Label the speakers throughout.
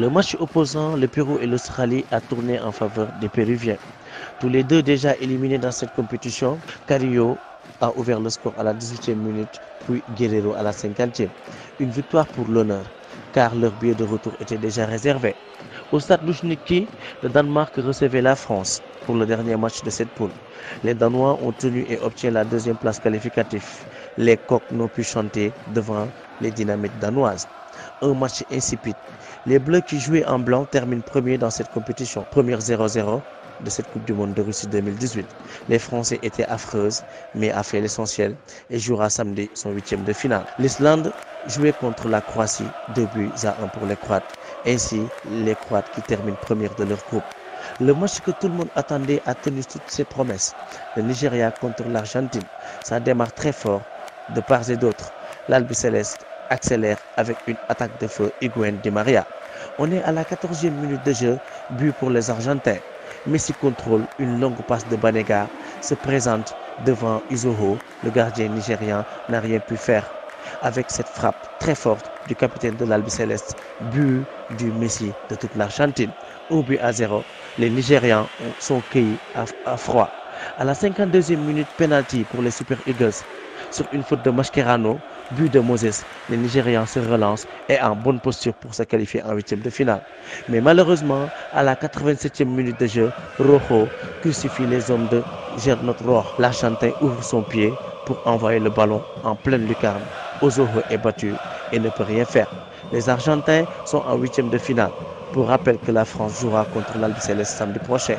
Speaker 1: Le match opposant le Pérou et l'Australie a tourné en faveur des Péruviens. Tous les deux déjà éliminés dans cette compétition, Carillo a ouvert le score à la 18e minute, puis Guerrero à la 50e. Une victoire pour l'honneur, car leur billet de retour était déjà réservé. Au stade Lushniki, le Danemark recevait la France pour le dernier match de cette poule. Les Danois ont tenu et obtient la deuxième place qualificative. Les coqs n'ont pu chanter un match insipide. Les Bleus qui jouaient en blanc terminent premier dans cette compétition. Première 0-0 de cette Coupe du Monde de Russie 2018. Les Français étaient affreuses, mais a fait l'essentiel et jouera samedi son huitième de finale. L'Islande jouait contre la Croatie, 2 buts à 1 pour les Croates. Ainsi, les Croates qui terminent première de leur groupe. Le match que tout le monde attendait a tenu toutes ses promesses. Le Nigeria contre l'Argentine. Ça démarre très fort accélère avec une attaque de feu Higuain Di Maria. On est à la 14e minute de jeu, but pour les Argentins. Messi contrôle une longue passe de Banega, se présente devant Izoho, le gardien nigérian n'a rien pu faire. Avec cette frappe très forte du capitaine de l'Albi Céleste, but du Messi de toute l'Argentine, au but à zéro, les Nigérians sont cueillis à, froid. À la 52e minute, penalty pour les Super Eagles sur une faute de Mascherano, but de Moses, les Nigérians se relancent et en bonne posture pour se qualifier en huitième de finale. Mais malheureusement, à la 87e minute de jeu, Rojo crucifie les hommes de Gernot Rohr. L'Argentin ouvre son pied pour envoyer le ballon en pleine lucarne. Ozoho est battu et ne peut rien faire. Les Argentins sont en huitième de finale. Pour rappel que la France jouera contre l'Albi Céleste samedi prochain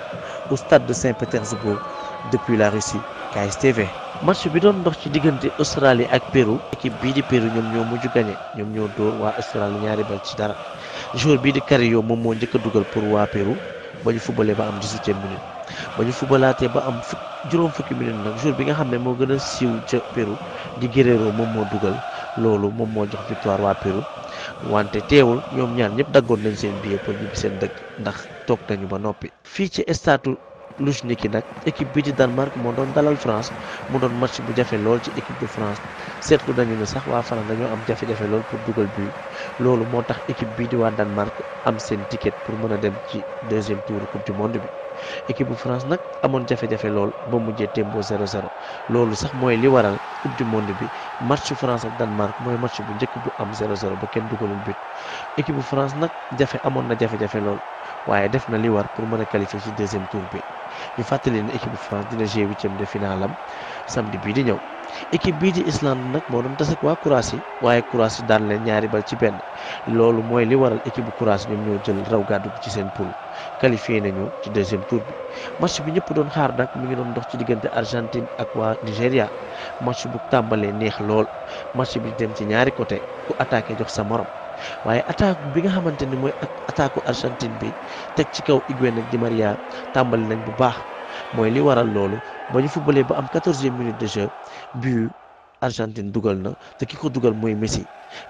Speaker 1: au stade de Saint-Pétersbourg depuis la Russie. KSTV. match bi doon dox ci diggante Australie ak Pérou équipe bii di Pérou ñoom ñoo mujj gagné ñoom ñoo dóor waa Australie ñaari bal ci dara joueur bii di Carrillo moom moo njëkk dugal pour waa Pérou ba ñu fubalee ba am dix ba ñu fubalaatee ba am juróom fukki minute nag jour bi nga xam ne moo gën a siiw ca Pérou di Guerrero moom moo dugal loolu moom moo jox victoire waa Pérou wante teewul ñoom ñaar ñëpp daggoon nañ seen billet pour ñibbi seen dëkk ndax toog nañu ba noppi. fii ci stade luj niki nag équipe bi di Danemark moo doon dalal France mu doon match bu jafe lool ci équipe de France seetlu nañu ne sax waa France dañoo am jafe-jafe lool pour dugal bi loolu moo tax équipe bii di waa Danemark am seen ticket pour mën a dem ci deuxième tour coupe du monde bi équipe bu France nag amoon jafe-jafe lool ba mujjee tembo 0-0 loolu sax mooy li waral coupe du monde bi match France ak Danemark mooy match bu njëkk bu am 0-0 ba kenn dugalul but équipe bu France nag jafe amoon na jafe-jafe lool waaye def na li pour mën a qualifier ci deuxième tour bi. ñu fàttali ne équipe de France dina jouer huitième de finale am samedi bii di ñëw équipe bii di Islande nag moo doon tase ak waa Croatie waaye Croatie daan leen ñaari bal ci benn loolu mooy li waral équipe bu Croatie ñoom ñoo jël raw gàddu ci seen poule qualifié nañu ci deuxième tour bi match bi ñëpp doon xaar nag mi ngi doon dox ci diggante Argentine ak waa Nigéria match bu tàmbalee neex lool match bi dem ci ñaari côté ku attaqué jox sa morom. waaye attaque bi nga xamante ni mooy attaque Argentine bi teg ci kaw Higuaín Di Maria tàmbali nañ bu baax mooy li waral loolu ba ñu footballee ba am quatorzième minute de jeu but Argentine dugal na te ki ko dugal mooy Messi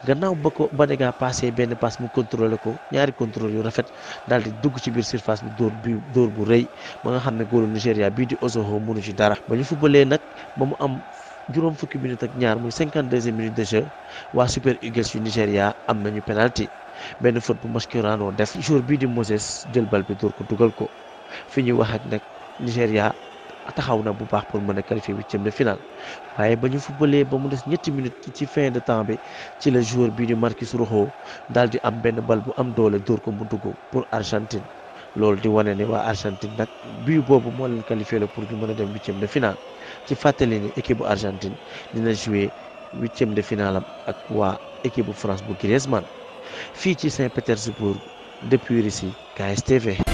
Speaker 1: gannaaw ba ko ba Banega passé benn passe mu contrôlé ko ñaari contrôle yu rafet daal di dugg ci biir surface bi dóor bi dóor bu rëy ba nga xam ne góolu Nigéria bii di Ozoho mënu ci dara ba ñu footballee nag ba mu am juróom fukki minutes ak ñaar muy cinquante deuxième minute de jeu waa Super Eagles yu Nigéria am nañu penalty benn faute bu Mascherano def jour bii di Moses jël bal bi dóor ko dugal ko fi ñuy wax ak nag Nigéria taxaw na bu baax pour mën a qualifier huitième de finale waaye ba ñu footballee ba mu des ñetti minutes ci fin de temps bi ci la joueur bii di Marcus Rojo dal di am benn bal bu am doole dóor ko mu dugg pour Argentine. loolu di wane ne waa Argentine nag bii boobu moo leen qualifié la pour ñu mën a dem huitième de finale ci fàttali ni équipe bu Argentine dina jouer huitième de finale ak waa équipe bu France bu Griezmann fii ci Saint-Pétersbourg depuis Russie KSTV.